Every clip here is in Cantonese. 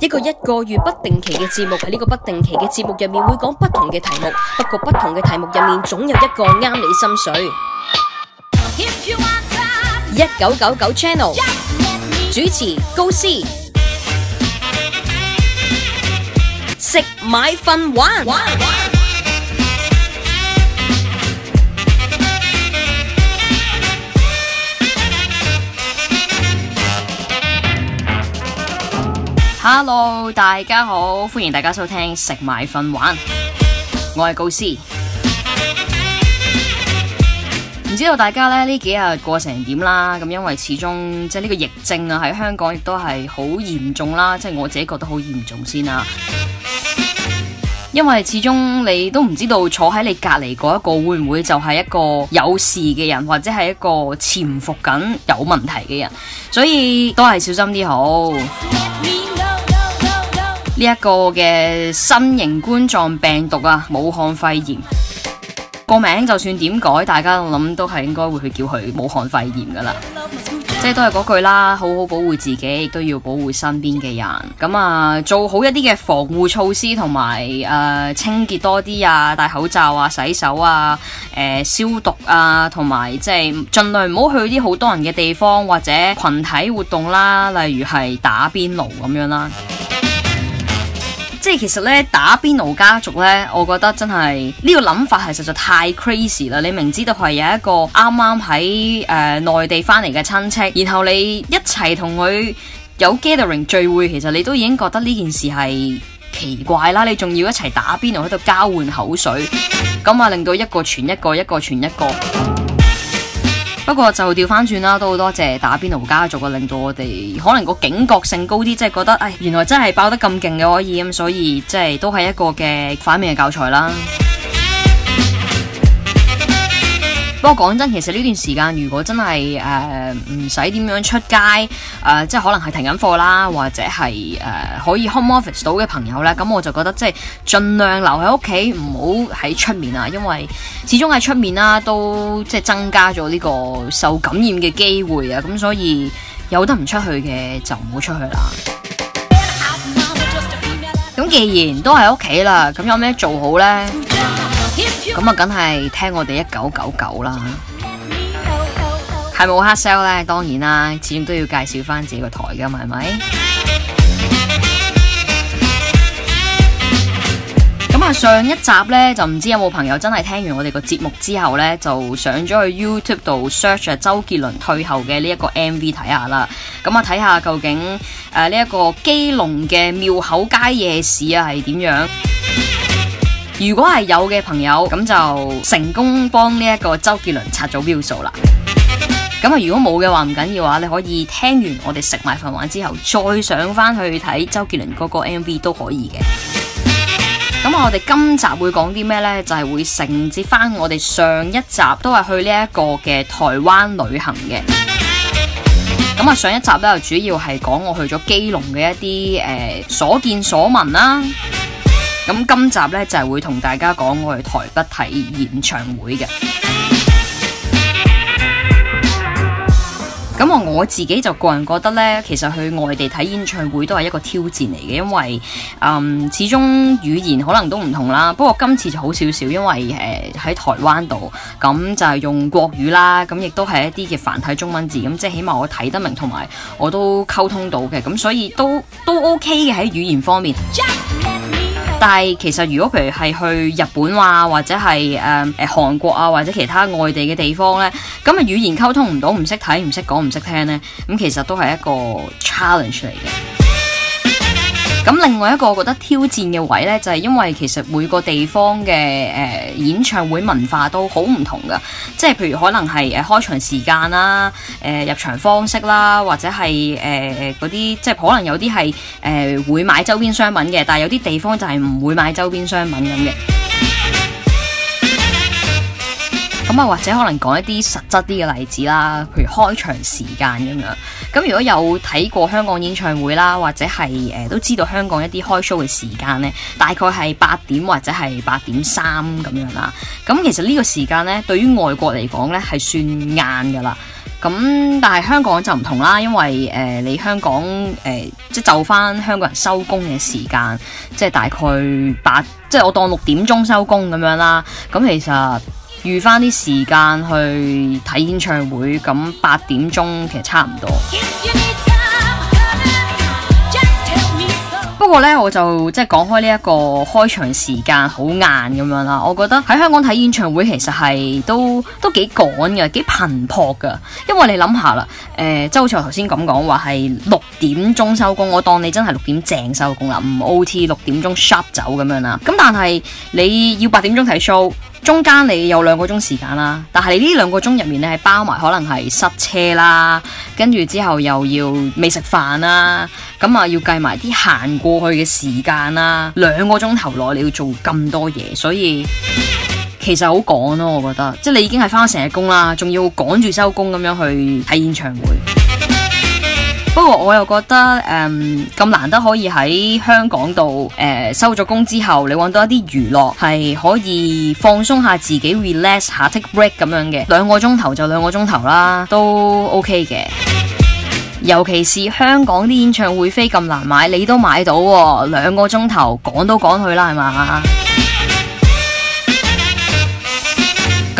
一個一個月不定期嘅節目，喺呢個不定期嘅節目入面會講不同嘅題目，不過不同嘅題目入面總有一個啱你心水。一九九九 Channel 主持高斯食買瞓玩玩。Hello，大家好，歡迎大家收聽食買訓玩，我係高斯。唔知道大家呢幾日過成點啦？咁因為始終即係呢個疫症啊，喺香港亦都係好嚴重啦。即係我自己覺得好嚴重先啦。因為始終你都唔知道坐喺你隔離嗰一個會唔會就係一個有事嘅人，或者係一個潛伏緊有問題嘅人，所以都係小心啲好。呢一個嘅新型冠狀病毒啊，武漢肺炎個名就算點改，大家諗都係應該會去叫佢武漢肺炎㗎喇。即係都係嗰句啦，好好保護自己，亦都要保護身邊嘅人。咁、嗯、啊，做好一啲嘅防護措施，同埋誒清潔多啲啊，戴口罩啊，洗手啊，誒、呃、消毒啊，同埋即係盡量唔好去啲好多人嘅地方或者群體活動啦，例如係打邊爐咁樣啦。即係其實咧，打邊爐家族呢，我覺得真係呢、呢個諗法係實在太 crazy 啦！你明知道係有一個啱啱喺誒內地翻嚟嘅親戚，然後你一齊同佢有 gathering 聚會，其實你都已經覺得呢件事係奇怪啦！你仲要一齊打邊爐喺度交換口水，咁啊令到一個傳一個，一個傳一個。不過就掉返轉啦，都好多謝打邊爐家族嘅令到我哋可能個警覺性高啲，即係覺得，唉，原來真係爆得咁勁嘅可以，咁所以即係都係一個嘅反面嘅教材啦。不過講真，其實呢段時間如果真係誒唔使點樣出街誒、呃，即係可能係停緊課啦，或者係誒、呃、可以 home office 到嘅朋友呢，咁我就覺得即係盡量留喺屋企，唔好喺出面啊，因為始終喺出面啦，都即係增加咗呢個受感染嘅機會啊，咁所以有得唔出去嘅就唔好出去啦。咁 既然都喺屋企啦，咁有咩做好呢？咁啊，梗係聽我哋一九九九啦，係冇黑 sell 呢？當然啦，始終都要介紹翻自己個台噶，係咪？咁啊， 上一集呢，就唔知有冇朋友真係聽完我哋個節目之後呢，就上咗去 YouTube 度 search 周杰倫退後嘅呢一個 MV 睇下啦。咁啊，睇下究竟誒呢一個基隆嘅廟口街夜市啊係點樣？如果係有嘅朋友，咁就成功幫呢一個周杰倫刷咗標數啦。咁啊，如果冇嘅話，唔緊要啊，你可以聽完我哋食買訓玩之後，再上翻去睇周杰倫嗰個 MV 都可以嘅。咁啊，我哋今集會講啲咩呢？就係、是、會承接翻我哋上一集，都係去呢一個嘅台灣旅行嘅。咁啊，上一集咧，主要係講我去咗基隆嘅一啲誒、呃、所見所聞啦、啊。咁今集呢，就係會同大家講我去台北睇演唱會嘅。咁我我自己就個人覺得呢，其實去外地睇演唱會都係一個挑戰嚟嘅，因為嗯始終語言可能都唔同啦。不過今次就好少少，因為誒、呃、喺台灣度，咁就係用國語啦，咁亦都係一啲嘅繁體中文字，咁即係起碼我睇得明，同埋我都溝通到嘅，咁所以都都 OK 嘅喺語言方面。 但係其實，如果譬如係去日本啊，或者係誒誒韓國啊，或者其他外地嘅地方呢，咁、嗯、啊語言溝通唔到，唔識睇，唔識講，唔識聽呢，咁、嗯、其實都係一個 challenge 嚟嘅。咁另外一個我覺得挑戰嘅位呢，就係、是、因為其實每個地方嘅誒、呃、演唱會文化都好唔同噶，即係譬如可能係誒開場時間啦、誒、呃、入場方式啦，或者係誒嗰啲即係可能有啲係誒會買周邊商品嘅，但係有啲地方就係唔會買周邊商品咁嘅。咁啊，或者可能講一啲實質啲嘅例子啦，譬如開場時間咁樣。咁如果有睇過香港演唱會啦，或者係、呃、都知道香港一啲開 show 嘅時間呢，大概係八點或者係八點三咁樣啦。咁其實呢個時間呢，對於外國嚟講呢，係算晏㗎啦。咁但係香港就唔同啦，因為誒、呃、你香港即係、呃、就翻、是、香港人收工嘅時間，即、就、係、是、大概八，即係我當六點鐘收工咁樣啦。咁其實～預翻啲時間去睇演唱會，咁八點鐘其實差唔多。 不過呢，我就即係講開呢一個開場時間好晏咁樣啦。我覺得喺香港睇演唱會其實係都都幾趕嘅，幾頻撲嘅。因為你諗下啦，誒，即係好似我頭先咁講話係六點鐘收工，我當你真係六點正收工啦，唔 O T，六點鐘 sharp 走咁樣啦。咁但係你要八點鐘睇 show。中間你有兩個鐘時間啦，但係呢兩個鐘入面咧係包埋可能係塞車啦，跟住之後又要未食飯啦，咁啊要計埋啲行過去嘅時間啦，兩個鐘頭內你要做咁多嘢，所以其實好趕咯，我覺得，即係你已經係返咗成日工啦，仲要趕住收工咁樣去睇演唱會。不過我又覺得誒，咁、嗯、難得可以喺香港度誒、呃，收咗工之後，你搵到一啲娛樂係可以放鬆下自己，relax 下 take break 咁樣嘅，兩個鐘頭就兩個鐘頭啦，都 OK 嘅。 尤其是香港啲演唱會飛咁難買，你都買到、哦，兩個鐘頭趕都趕去啦，係嘛？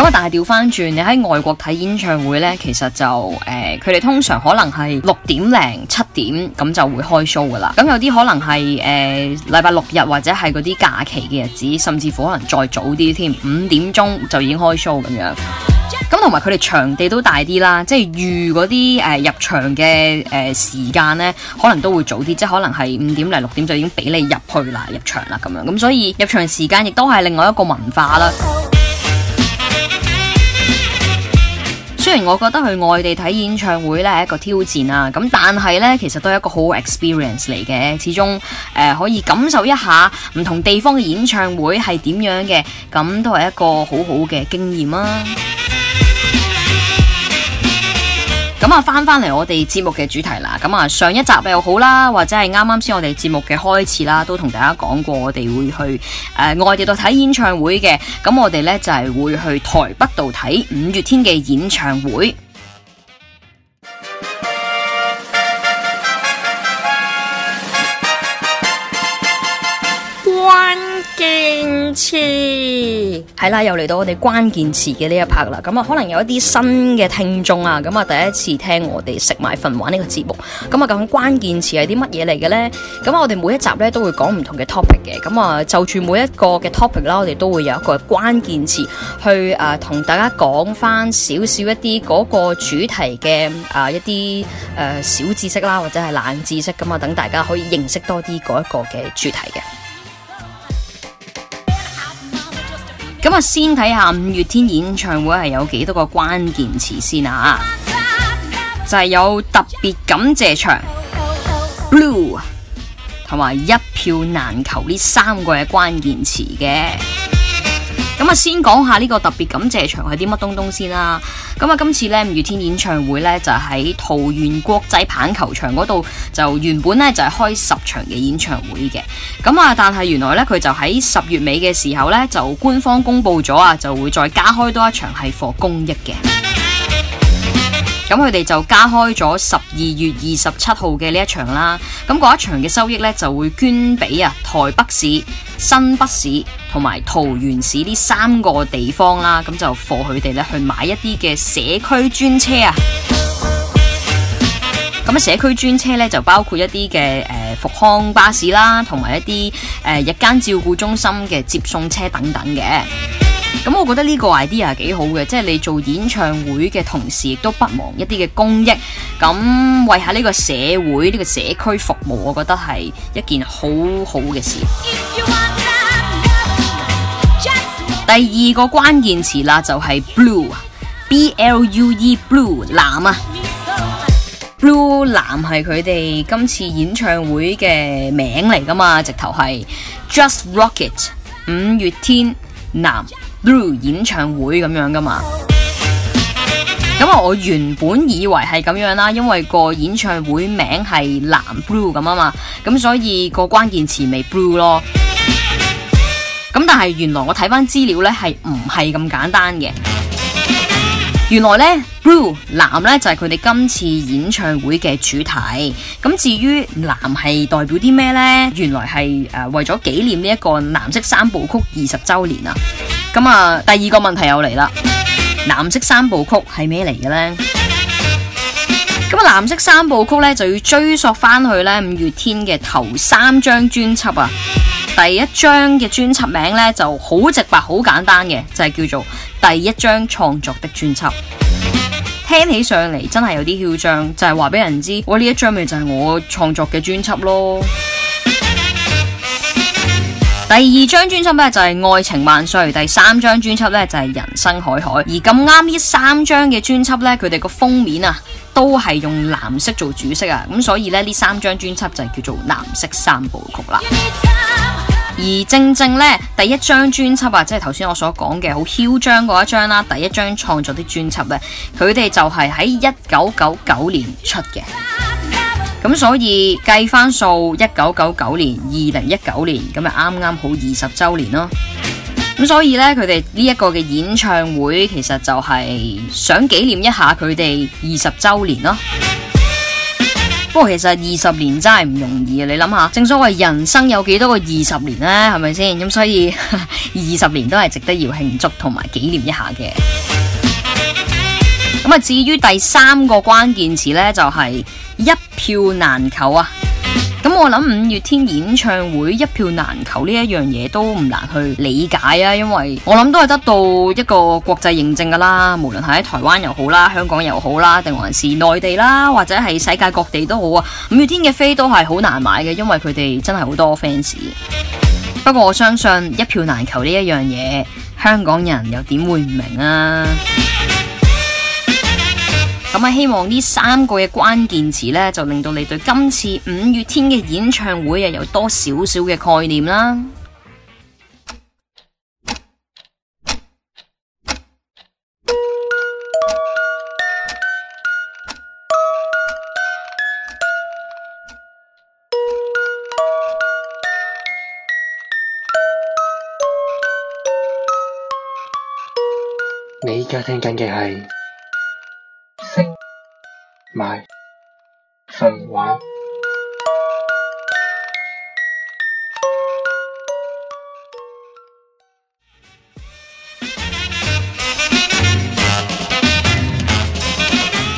咁啊！但係調翻轉，你喺外國睇演唱會呢，其實就誒，佢、呃、哋通常可能係六點零七點咁就會開 show 噶啦。咁有啲可能係誒禮拜六日或者係嗰啲假期嘅日子，甚至乎可能再早啲添，五點鐘就已經開 show 咁樣。咁同埋佢哋場地都大啲啦，即係預嗰啲誒入場嘅誒時間呢，可能都會早啲，即、就、係、是、可能係五點零六點就已經俾你入去啦，入場啦咁樣。咁所以入場時間亦都係另外一個文化啦。雖然我覺得去外地睇演唱會咧係一個挑戰啊，咁但係咧其實都係一個好 experience 嚟嘅，始終、呃、可以感受一下唔同地方嘅演唱會係點樣嘅，咁都係一個好好嘅經驗啊。咁啊，翻翻嚟我哋節目嘅主題啦。咁啊，上一集又好啦，或者係啱啱先我哋節目嘅開始啦，都同大家講過，我哋會去誒、呃、外地度睇演唱會嘅。咁我哋呢，就係、是、會去台北度睇五月天嘅演唱會。關機。次係啦，又嚟到我哋關鍵詞嘅呢一 part 啦。咁啊，可能有一啲新嘅聽眾啊，咁啊第一次聽我哋食買訓玩呢個節目。咁啊，究竟關鍵詞係啲乜嘢嚟嘅呢？咁啊，我哋每一集呢都會講唔同嘅 topic 嘅。咁啊，就住每一個嘅 topic 啦，我哋都會有一個關鍵詞去誒，同、呃、大家講翻少少一啲嗰個主題嘅誒、呃、一啲誒、呃、小知識啦，或者係冷知識，咁啊，等大家可以認識多啲嗰一個嘅主題嘅。咁啊，先睇下五月天演唱會係有幾多個關鍵詞先啊！就係有特別感謝場、Blue 同埋一票難求呢三個嘅關鍵詞嘅。咁啊，先講下呢個特別感謝場係啲乜東東先啦。咁啊，今次咧五月天演唱會咧就喺桃園國際棒球場嗰度，就原本咧就係、是、開十場嘅演唱會嘅。咁啊，但係原來咧佢就喺十月尾嘅時候咧就官方公布咗啊，就會再加開多一場係做公益嘅。咁佢哋就加開咗十二月二十七號嘅呢一場啦，咁嗰一場嘅收益呢，就會捐俾啊台北市、新北市同埋桃園市呢三個地方啦，咁就撥佢哋呢去買一啲嘅社區專車啊！咁 社區專車呢，就包括一啲嘅誒復康巴士啦，同埋一啲誒、呃、日間照顧中心嘅接送車等等嘅。咁我覺得呢個 idea 幾好嘅，即係你做演唱會嘅同時，亦都不忘一啲嘅公益，咁為下呢個社會呢個社區服務，我覺得係一件好好嘅事。Love, love you, 第二個關鍵詞啦，就係 blue，b l u e blue 藍啊，blue 藍係佢哋今次演唱會嘅名嚟噶嘛，直頭係 just rocket 五月天藍。blue 演唱會咁樣噶嘛？咁啊，我原本以為係咁樣啦，因為個演唱會名係藍 blue 咁啊嘛，咁所以個關鍵詞咪 blue 咯。咁但係原來我睇翻資料呢係唔係咁簡單嘅？原來呢 Blue 藍呢就係佢哋今次演唱會嘅主題，咁至於藍係代表啲咩呢？原來係誒、呃、為咗紀念呢一個藍色三部曲二十周年啊！咁啊第二個問題又嚟啦，藍色三部曲係咩嚟嘅呢？咁啊藍色三部曲呢就要追溯翻去呢五月天嘅頭三張專輯啊，第一張嘅專輯名呢就好直白好簡單嘅就係、是、叫做。第一張創作的專輯，聽起上嚟真係有啲囂張，就係話俾人知，我呢一張咪就係我創作嘅專輯咯。第二張專輯呢，就係愛情萬歲，第三張專輯呢，就係人生海海。而咁啱呢三張嘅專輯呢，佢哋個封面啊都係用藍色做主色啊，咁所以呢，呢三張專輯就係叫做藍色三部曲啦。而正正呢，第一張專輯啊，即係頭先我所講嘅好囂張嗰一張啦，啊，第一張創作啲專輯咧，啊，佢哋就係喺一九九九年出嘅。咁所以計翻數，一九九九年，二零一九年，咁啊啱啱好二十週年咯。咁所以呢，佢哋呢一個嘅演唱會其實就係想紀念一下佢哋二十週年咯。不過、哦、其實二十年真係唔容易啊！你諗下，正所謂人生有幾多個二十年呢？係咪先？咁所以二十年都係值得要慶祝同埋紀念一下嘅。咁啊， 至於第三個關鍵詞呢，就係、是、一票難求啊！咁我諗五月天演唱會一票難求呢一樣嘢都唔難去理解啊，因為我諗都係得到一個國際認證㗎啦，無論係喺台灣又好啦，香港又好啦，定還是內地啦，或者係世界各地都好啊。五月天嘅飛都係好難買嘅，因為佢哋真係好多 fans。不過我相信一票難求呢一樣嘢，香港人又點會唔明啊？咁啊，希望呢三個嘅關鍵詞呢，就令到你對今次五月天嘅演唱會啊，有多少少嘅概念啦。你依家聽緊嘅係，買瞓玩。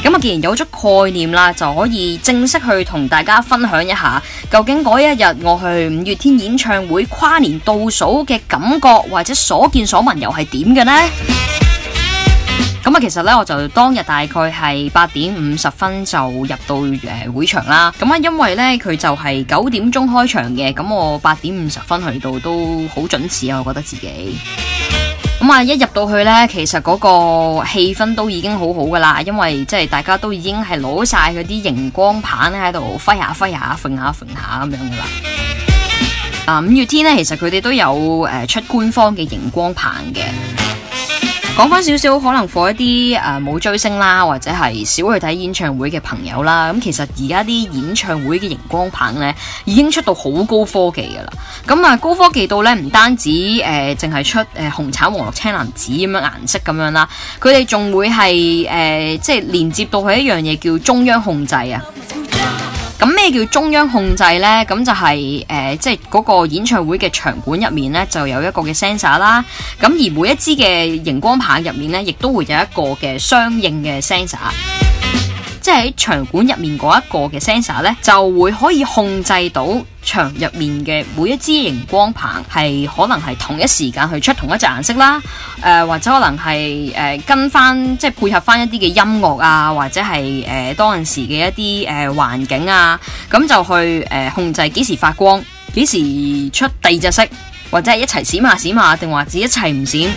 咁我既然有咗概念啦，就可以正式去同大家分享一下，究竟嗰一日我去五月天演唱會跨年倒數嘅感覺，或者所見所聞又係點嘅呢？咁啊，其實咧，我就當日大概係八點五十分就入到誒會場啦。咁啊，因為咧佢就係九點鐘開場嘅，咁我八點五十分去到都好準時啊，我覺得自己。咁啊，一入到去咧，其實嗰個氣氛都已經好好噶啦，因為即係大家都已經係攞晒嗰啲熒光棒喺度揮下揮下，揈下揈下咁樣噶啦。啊，五月天咧，其實佢哋都有誒出官方嘅熒光棒嘅。講翻少少，可能火一啲，誒，冇、呃、追星啦，或者係少去睇演唱會嘅朋友啦。咁其實而家啲演唱會嘅熒光棒呢，已經出到好高科技噶啦。咁啊，高科技到呢，唔單止誒，淨、呃、係出誒、呃、紅橙黃綠青藍紫咁樣顏色咁樣啦，佢哋仲會係誒、呃，即係連接到佢一樣嘢叫中央控制啊。咁咩叫中央控制呢？咁就係誒，即係嗰個演唱會嘅場館入面呢，就有一個嘅 sensor 啦。咁而每一支嘅熒光棒入面呢，亦都會有一個嘅相應嘅 sensor。即係喺場館入面嗰一個嘅 sensor 咧，就會可以控制到場入面嘅每一支熒光棒係可能係同一時間去出同一隻顏色啦。誒、呃，或者可能係誒、呃、跟翻，即係配合翻一啲嘅音樂啊，或者係誒、呃、當陣時嘅一啲誒環境啊，咁就去誒、呃、控制幾時發光，幾時出第二隻色，或者係一齊閃下閃下，定或者一齊唔閃。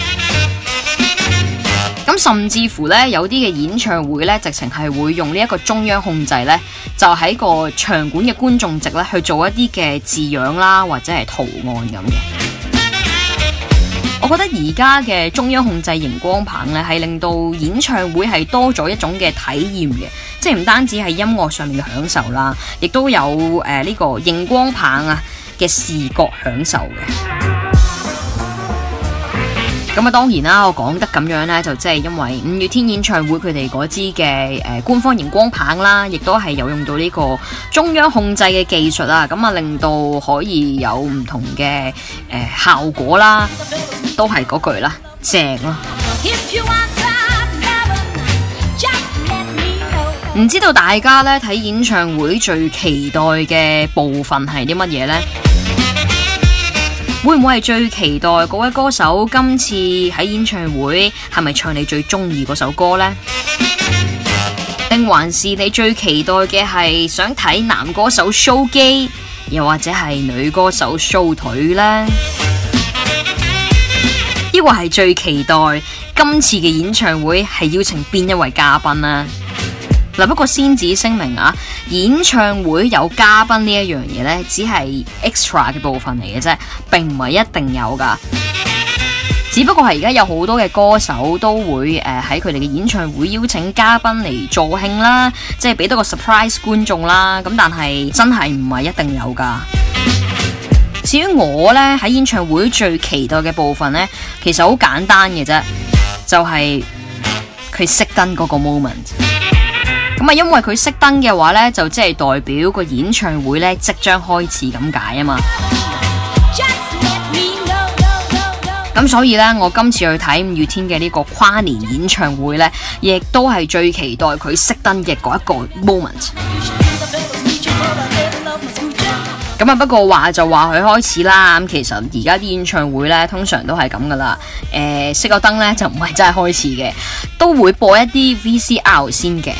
甚至乎咧，有啲嘅演唱會咧，直情係會用呢一個中央控制咧，就喺個場館嘅觀眾席咧，去做一啲嘅字樣啦，或者係圖案咁嘅。我覺得而家嘅中央控制熒光棒咧，係令到演唱會係多咗一種嘅體驗嘅，即係唔單止係音樂上面嘅享受啦，亦都有誒呢個熒光棒啊嘅視覺享受嘅。咁啊，當然啦，我講得咁樣呢，就即係因為五月天演唱會佢哋嗰支嘅誒、呃、官方熒光棒啦，亦都係有用到呢個中央控制嘅技術啦，咁啊，令到可以有唔同嘅誒、呃、效果啦，都係嗰句啦，正咯。唔知道大家呢睇演唱會最期待嘅部分係啲乜嘢呢？會唔會係最期待嗰位歌手今次喺演唱會係咪唱你最中意嗰首歌呢？定還是你最期待嘅係想睇男歌手 show 肌，又或者係女歌手 show 腿呢？抑或係最期待今次嘅演唱會係邀請邊一位嘉賓呢？嗱，不過先至聲明啊，演唱會有嘉賓呢一樣嘢呢，只係 extra 嘅部分嚟嘅啫，並唔係一定有噶。只不過係而家有好多嘅歌手都會誒喺佢哋嘅演唱會邀請嘉賓嚟助興啦，即係俾多個 surprise 觀眾啦。咁但係真係唔係一定有噶。至於我呢，喺演唱會最期待嘅部分呢，其實好簡單嘅啫，就係佢熄燈嗰個 moment。咁啊，因為佢熄燈嘅話呢，就即係代表個演唱會呢即將開始咁解啊嘛。咁、啊、所以呢，我今次去睇五月天嘅呢個跨年演唱會呢，亦都係最期待佢熄燈嘅嗰一個 moment。咁啊，不過話就話佢開始啦。咁其實而家啲演唱會呢，通常都係咁噶啦。熄個燈呢，燈就唔係真係開始嘅，都會播一啲 VCR 先嘅。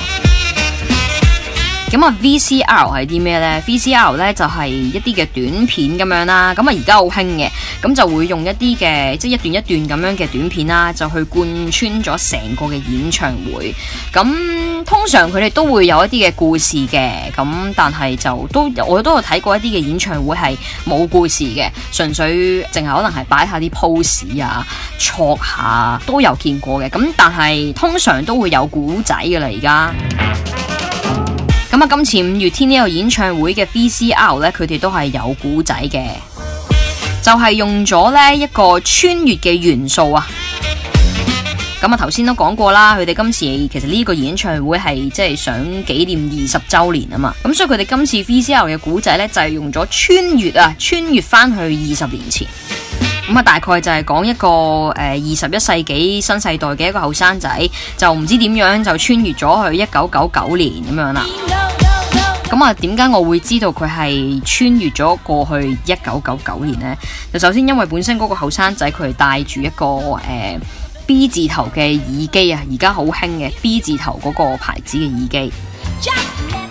咁啊，VCR 係啲咩呢？VCR 呢就係一啲嘅短片咁樣啦。咁啊，而家好興嘅，咁就會用一啲嘅即係一段一段咁樣嘅短片啦，就去貫穿咗成個嘅演唱會。咁通常佢哋都會有一啲嘅故事嘅。咁但係就都我都有睇過一啲嘅演唱會係冇故事嘅，純粹淨係可能係擺下啲 pose 啊，戳下都有見過嘅。咁但係通常都會有古仔噶啦，而家。咁啊！今次五月天呢個演唱會嘅 VCR 咧，佢哋都係有古仔嘅，就係、是、用咗咧一個穿越嘅元素啊。咁啊，頭先都講過啦，佢哋今次其實呢個演唱會係即係想紀念二十周年啊嘛。咁所以佢哋今次 VCR 嘅古仔呢，就係用咗穿越啊，穿越翻去二十年前。咁啊，大概就係講一個誒二十一世紀新世代嘅一個後生仔，就唔知點樣就穿越咗去一九九九年咁樣啦。咁啊，點解我會知道佢係穿越咗過去一九九九年呢？就首先因為本身嗰個後生仔佢係戴住一個誒、呃、B 字頭嘅耳機啊，而家好興嘅 B 字頭嗰個牌子嘅耳機。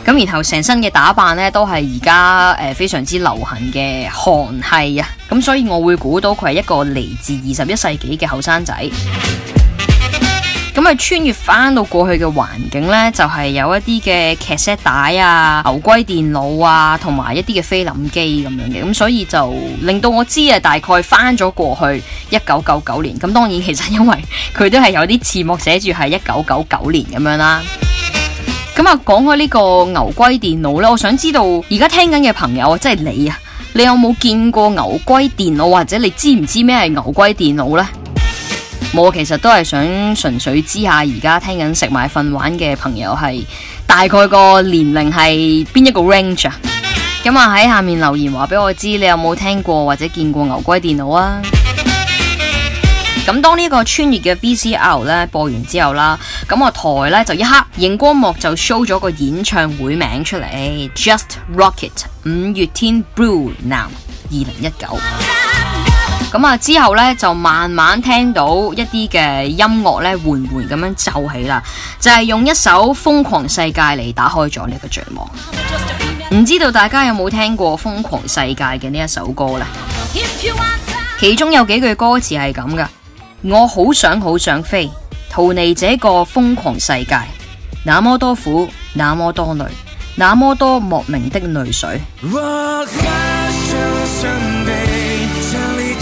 咁然後成身嘅打扮呢，都係而家誒非常之流行嘅韓系啊，咁所以我會估到佢係一個嚟自二十一世紀嘅後生仔。咁啊，穿越翻到過去嘅環境呢，就係有一啲嘅劇 set 帶啊、牛龜電腦啊，同埋一啲嘅菲林機咁樣嘅，咁所以就令到我知啊，大概翻咗過去一九九九年。咁當然其實因為佢都係有啲字幕寫住係一九九九年咁樣啦。咁啊，講開呢個牛龜電腦呢，我想知道而家聽緊嘅朋友，即係你啊，你有冇見過牛龜電腦，或者你知唔知咩係牛龜電腦呢？我其實都係想純粹知下而家聽緊食買瞓玩嘅朋友係大概個年齡係邊一個 range 啊？咁啊，喺下面留言話俾我知你有冇聽過或者見過牛龜電腦啊？咁當這個呢個穿越嘅 VCR 咧，播完之後啦，咁我台呢就一刻熒光幕就 show 咗個演唱會名出嚟，Just Rocket 五月天 Blue Now 二零一九。咁啊，之後呢，就慢慢聽到一啲嘅音樂呢，緩緩咁樣奏起啦，就係用一首《瘋狂世界》嚟打開咗呢個序幕。唔知道大家有冇聽過《瘋狂世界》嘅呢一首歌呢？其中有幾句歌詞係咁嘅：「我好想好想飛，逃離這個瘋狂世界，那麼多苦，那麼多淚，那麼多莫名的淚水。Rock, Rock.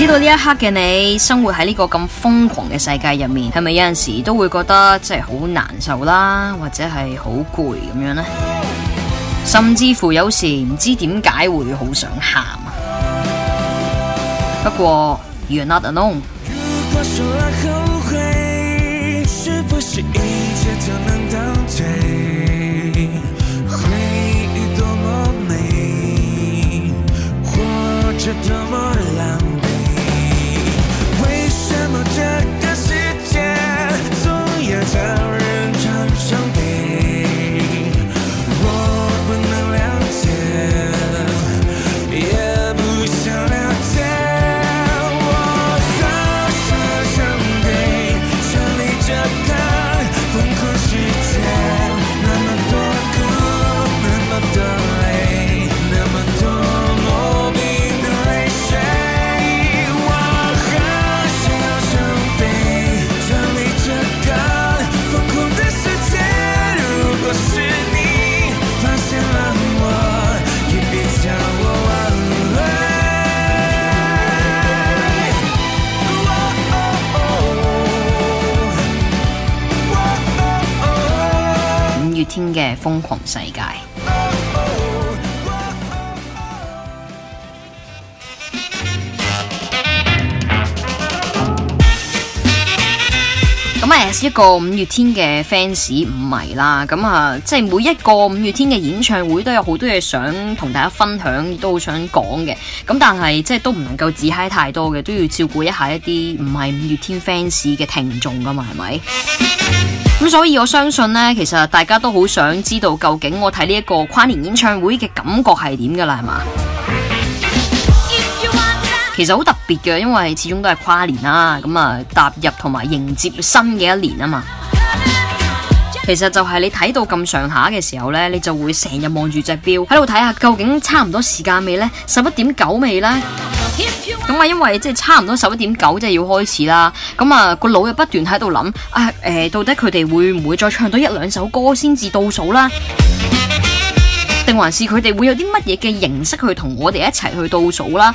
知道呢一刻嘅你，生活喺呢個咁瘋狂嘅世界入面，係咪有陣時都會覺得即係好難受啦，或者係好攰咁樣呢？甚至乎有時唔知點解會好想喊啊！不過，You're not alone. 唔係一個五月天嘅 fans 五迷啦，咁啊，即係每一個五月天嘅演唱會都有好多嘢想同大家分享，都好想講嘅。咁但係即係都唔能夠自嗨太多嘅，都要照顧一下一啲唔係五月天 fans 嘅聽眾噶嘛，係咪？咁 所以我相信呢，其實大家都好想知道究竟我睇呢一個跨年演唱會嘅感覺係點噶啦，係嘛？其實好特別嘅，因為始終都係跨年啦，咁啊踏入同埋迎接新嘅一年啊嘛。 其實就係你睇到咁上下嘅時候呢，你就會成日望住隻錶喺度睇下究竟差唔多時間未呢？十一點九未呢？咁啊， 因為即係、就是、差唔多十一點九就要開始啦。咁啊，個腦又不斷喺度諗啊，誒、呃，到底佢哋會唔會再唱多一兩首歌先至倒數啦？定 還是佢哋會有啲乜嘢嘅形式去同我哋一齊去倒數啦？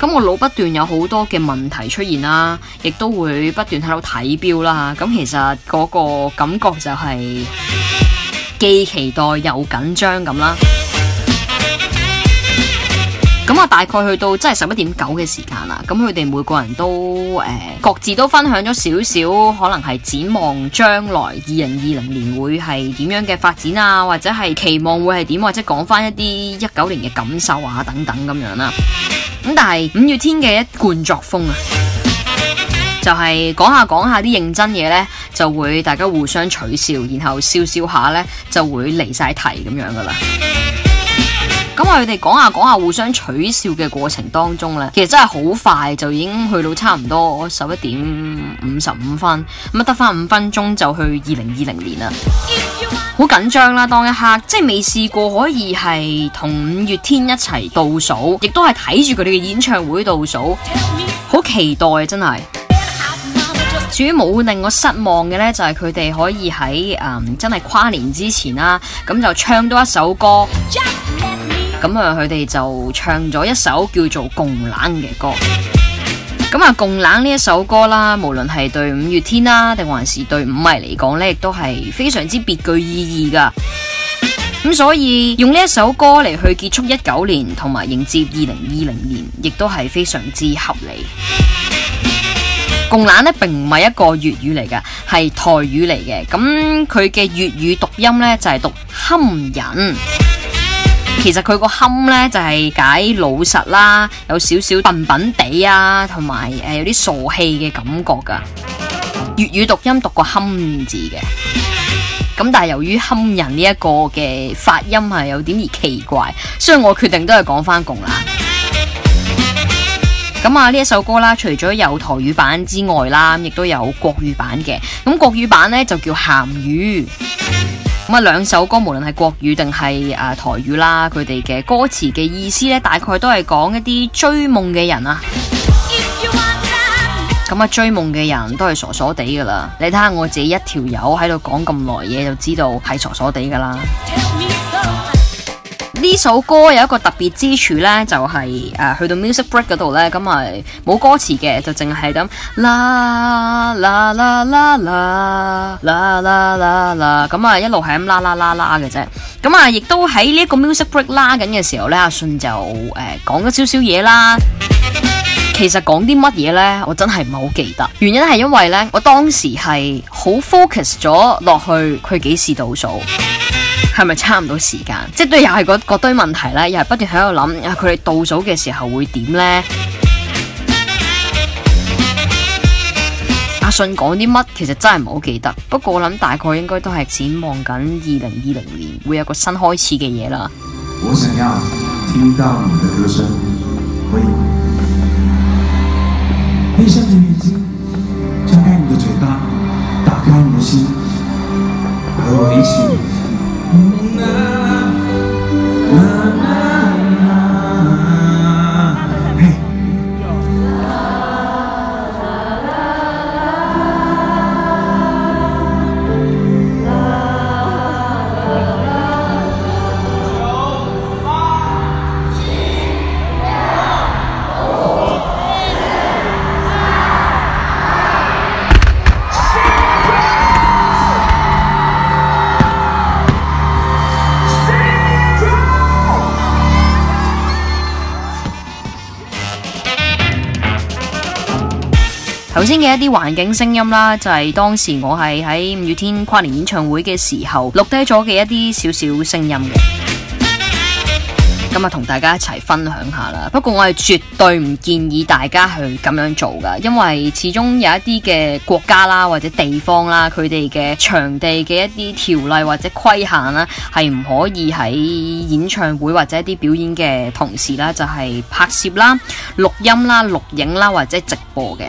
咁我腦不斷有好多嘅問題出現啦，亦都會不斷喺度睇表啦。咁其實嗰個感覺就係既期待又緊張咁啦。咁啊，大概去到真係十一點九嘅時間啦。咁佢哋每個人都誒，各自都分享咗少少，可能係展望將來二零二零年會係點樣嘅發展啊，或者係期望會係點，或者講翻一啲一九年嘅感受啊等等咁樣啦。咁但係五月天嘅一貫作風啊，就係講下講下啲認真嘢呢，就會大家互相取笑，然後笑笑下呢，就會離晒題咁樣噶啦。咁我哋講下講下互相取笑嘅過程當中咧，其實真係好快就已經去到差唔多十一點五十五分，咁啊得翻五分鐘就去二零二零年啦。 好緊張啦、啊！當一刻即係未試過可以係同五月天一齊倒數，亦都係睇住佢哋嘅演唱會倒數，好期待、啊、真係。至於冇令我失望嘅呢，就係佢哋可以喺誒、嗯、真係跨年之前啦、啊，咁就唱多一首歌。咁啊，佢哋就唱咗一首叫做《共冷》嘅歌。咁啊，共冷呢一首歌啦，無論係對五月天啦，定還是對五迷嚟講呢，亦都係非常之別具意義㗎。咁所以用呢一首歌嚟去結束一九年，同埋迎接二零二零年，亦都係非常之合理。共冷呢，並唔係一個粵語嚟嘅，係台語嚟嘅。咁佢嘅粵語讀音呢，就係讀堪忍。其實佢個憨呢，就係、是、解老實啦，有少少笨笨地啊，同埋，誒有啲、呃、傻氣嘅感覺噶。粵語讀音讀個憨字嘅，咁但係由於憨人呢一個嘅發音係有點而奇怪，所以我決定都係講翻共啦。咁啊，呢一首歌啦，除咗有台語版之外啦，亦都有國語版嘅。咁國語版呢，就叫鹹魚。咁啊，兩首歌無論係國語定係啊台語啦，佢哋嘅歌詞嘅意思咧，大概都係講一啲追夢嘅人啊。咁啊，追夢嘅人都係傻傻地㗎啦。你睇下我自己一條友喺度講咁耐嘢，就知道係傻傻地㗎啦。呢首歌有一個特別之處呢，就係誒去到 music break 嗰度呢。咁咪冇歌詞嘅，就淨係咁啦啦啦啦啦啦啦啦，咁啊一路係咁啦啦啦啦嘅啫。咁啊，亦都喺呢一個 music break 拉緊嘅時候呢，阿信就誒講咗少少嘢啦。其實講啲乜嘢呢，我真係唔係好記得。原因係因為呢，我當時係好 focus 咗落去佢幾時倒數。係咪差唔多時間？即係都又係嗰堆問題咧，又係不斷喺度諗，佢哋倒數嘅時候會點咧？阿、啊、信講啲乜，其實真係唔好記得。不過我諗大概應該都係展望緊二零二零年會有一個新開始嘅嘢啦。我想要聽到你的歌聲，閉上眼睛，張開你，你的嘴巴，打開你的心，和我一起。嗯頭先嘅一啲環境聲音啦，就係當時我係喺五月天跨年演唱會嘅時候錄低咗嘅一啲少少聲音嘅。咁啊，同大家一齊分享下啦。不過我係絕對唔建議大家去咁樣做噶，因為始終有一啲嘅國家啦或者地方啦，佢哋嘅場地嘅一啲條例或者規限啦，係唔可以喺演唱會或者一啲表演嘅同時啦，就係拍攝啦、錄音啦、錄影啦或者直播嘅。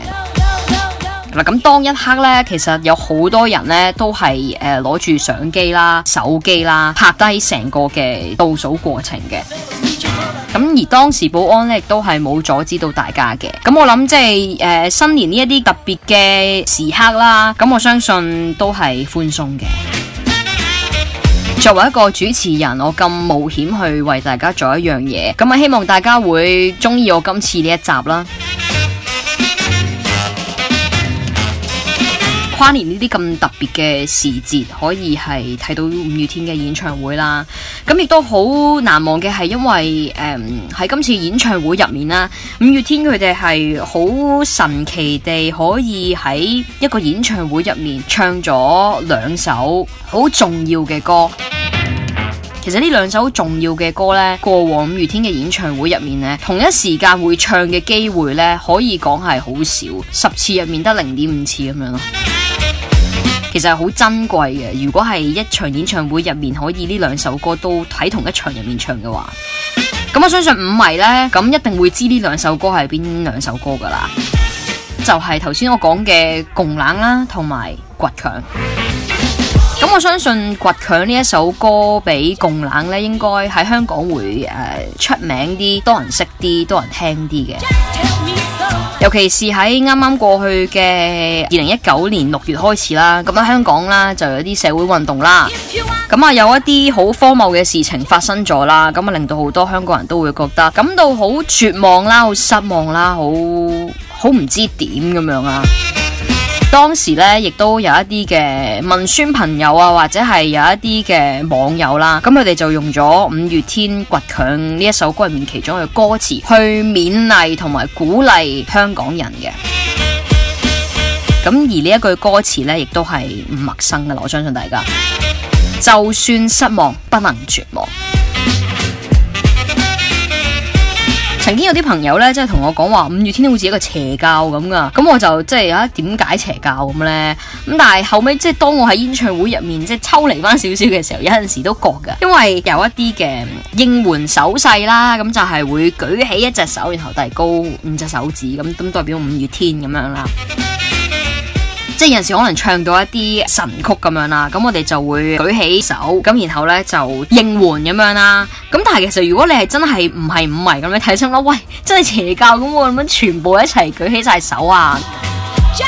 嗱，咁當一刻呢，其實有好多人呢都係誒攞住相機啦、手機啦拍低成個嘅倒數過程嘅。咁 而當時保安呢亦都係冇阻止到大家嘅。咁我諗即係誒新年呢一啲特別嘅時刻啦，咁我相信都係寬鬆嘅。 作為一個主持人，我咁冒險去為大家做一樣嘢，咁啊希望大家會中意我今次呢一集啦。跨年呢啲咁特別嘅時節，可以係睇到五月天嘅演唱會啦。咁亦都好難忘嘅係，因為誒喺、嗯、今次演唱會入面啦，五月天佢哋係好神奇地可以喺一個演唱會入面唱咗兩首好重要嘅歌。其實呢兩首好重要嘅歌呢，過往五月天嘅演唱會入面呢，同一時間會唱嘅機會呢，可以講係好少，十次入面得零點五次咁樣咯。其實係好珍貴嘅，如果係一場演唱會入面可以呢兩首歌都喺同一場入面唱嘅話，咁我相信五迷呢，咁一定會知呢兩首歌係邊兩首歌噶啦，就係頭先我講嘅《共冷》啊啦，同埋《倔強》。咁我相信《倔強》呢一首歌比《共冷》呢，應該喺香港會誒、呃、出名啲，多人識啲，多人聽啲嘅。尤其是喺啱啱過去嘅二零一九年六月開始啦，咁喺香港啦就有啲社會運動啦，咁啊有一啲好荒謬嘅事情發生咗啦，咁啊令到好多香港人都會覺得感到好絕望啦、好失望啦、好好唔知點咁樣啊。當時咧，亦都有一啲嘅文宣朋友啊，或者係有一啲嘅網友啦、啊，咁佢哋就用咗五月天《倔強》呢一首歌入面其中嘅歌詞，去勉勵同埋鼓勵香港人嘅。咁、嗯、而呢一句歌詞呢，亦都係唔陌生㗎啦，我相信大家。就算失望，不能絕望。曾經有啲朋友呢，即係同我講話五月天都好似一個邪教咁噶，咁我就即係吓點解邪教咁呢？咁但係後尾，即係當我喺演唱會入面即係抽離翻少少嘅時候，有陣時都覺噶，因為有一啲嘅應援手勢啦，咁就係會舉起一隻手，然後遞高五隻手指，咁咁代表五月天咁樣啦。即係有陣時可能唱到一啲神曲咁樣啦，咁我哋就會舉起手，咁然後呢就應援咁樣啦。咁但係其實如果你係真係唔係唔係咁樣睇出啦，喂，真係邪教咁喎，咁全部一齊舉起晒手啊！咁、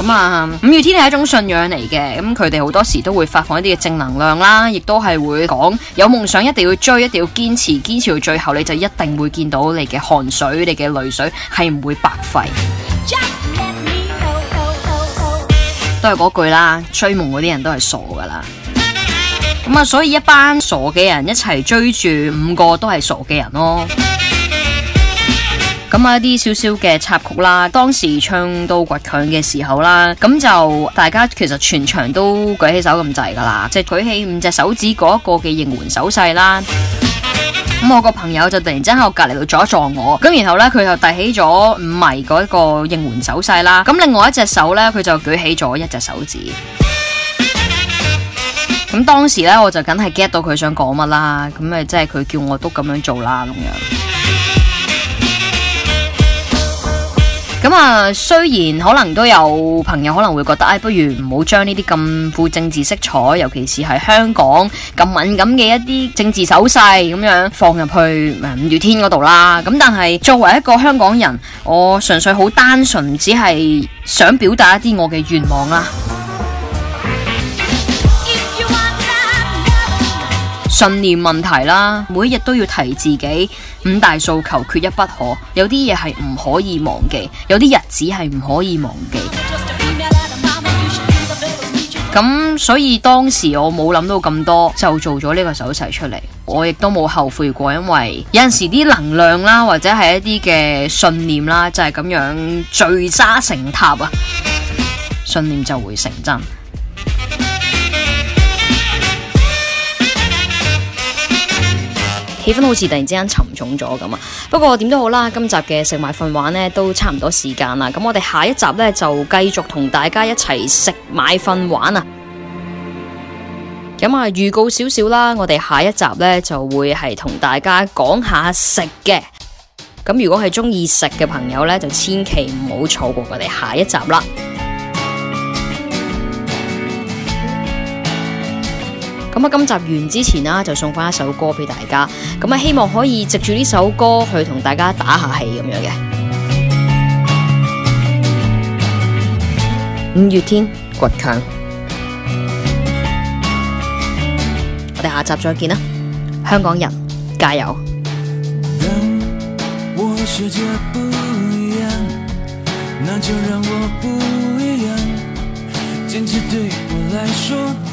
no, no, no. 啊，五月天係一種信仰嚟嘅，咁佢哋好多時都會發放一啲嘅正能量啦，亦都係會講有夢想一定要追，一定要堅持，堅持到最後你就一定會見到你嘅汗水、你嘅淚水係唔會白費。都係嗰句啦，追夢嗰啲人都係傻噶啦。咁 啊，所以一班傻嘅人一齊追住五個都係傻嘅人咯。咁 啊，一啲少少嘅插曲啦，當時唱到倔強嘅時候啦，咁就大家其實全場都舉起手咁滯噶啦，即係舉起五隻手指嗰一個嘅應援手勢啦。咁我個朋友就突然之間喺我隔籬度撞一撞我，咁然後呢，佢就提起咗五迷嗰一個應援手勢啦，咁另外一隻手呢，佢就舉起咗一隻手指，咁當時呢，我就梗係 get 到佢想講乜啦，咁咪即係佢叫我都咁樣做啦咁樣。咁啊，雖然可能都有朋友可能會覺得，哎，不如唔好將呢啲咁富政治色彩，尤其是係香港咁敏感嘅一啲政治手勢咁樣放入去五月天嗰度啦。咁但係作為一個香港人，我純粹好單純，只係想表達一啲我嘅願望啦。信念問題啦，每一日都要提自己。五大訴求缺一不可，有啲嘢係唔可以忘記，有啲日子係唔可以忘記。咁、嗯、所以當時我冇諗到咁多，就做咗呢個手勢出嚟，我亦都冇後悔過，因為有陣時啲能量啦，或者係一啲嘅信念啦，就係、是、咁樣聚沙成塔啊，信念就會成真。氣氛好似突然之間沉重咗咁啊！不過點都好啦，今集嘅食買瞓玩呢都差唔多時間啦。咁我哋下一集呢，就繼續同大家一齊食買瞓玩啊！咁啊，預告少少啦，我哋下一集呢，就會係同大家講下食嘅。咁如果係中意食嘅朋友呢，就千祈唔好錯過我哋下一集啦。咁啊，今集完之前啦，就送翻一首歌俾大家。咁啊，希望可以藉住呢首歌去同大家打下氣咁樣嘅。五月天，倔強。我哋下集再見啦，香港人加油！當我世界不一樣，那就讓我不一樣，堅持對我來說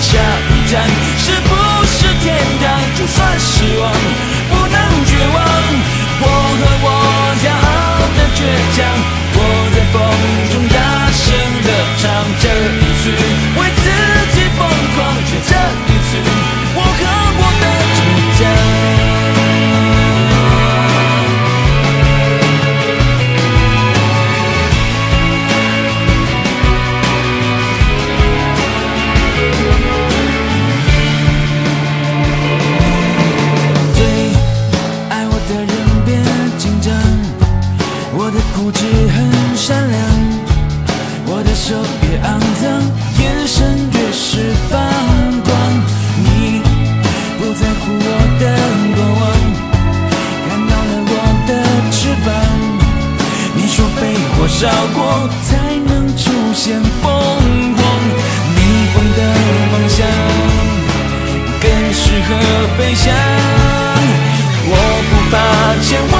下一站是不是天堂？就算失望，我的手越骯髒，眼神越是發光。你不在乎我的過往，看到了我的翅膀。你說被火燒過才能出現鳳凰，逆風的方向更適合飛翔。我不怕千萬。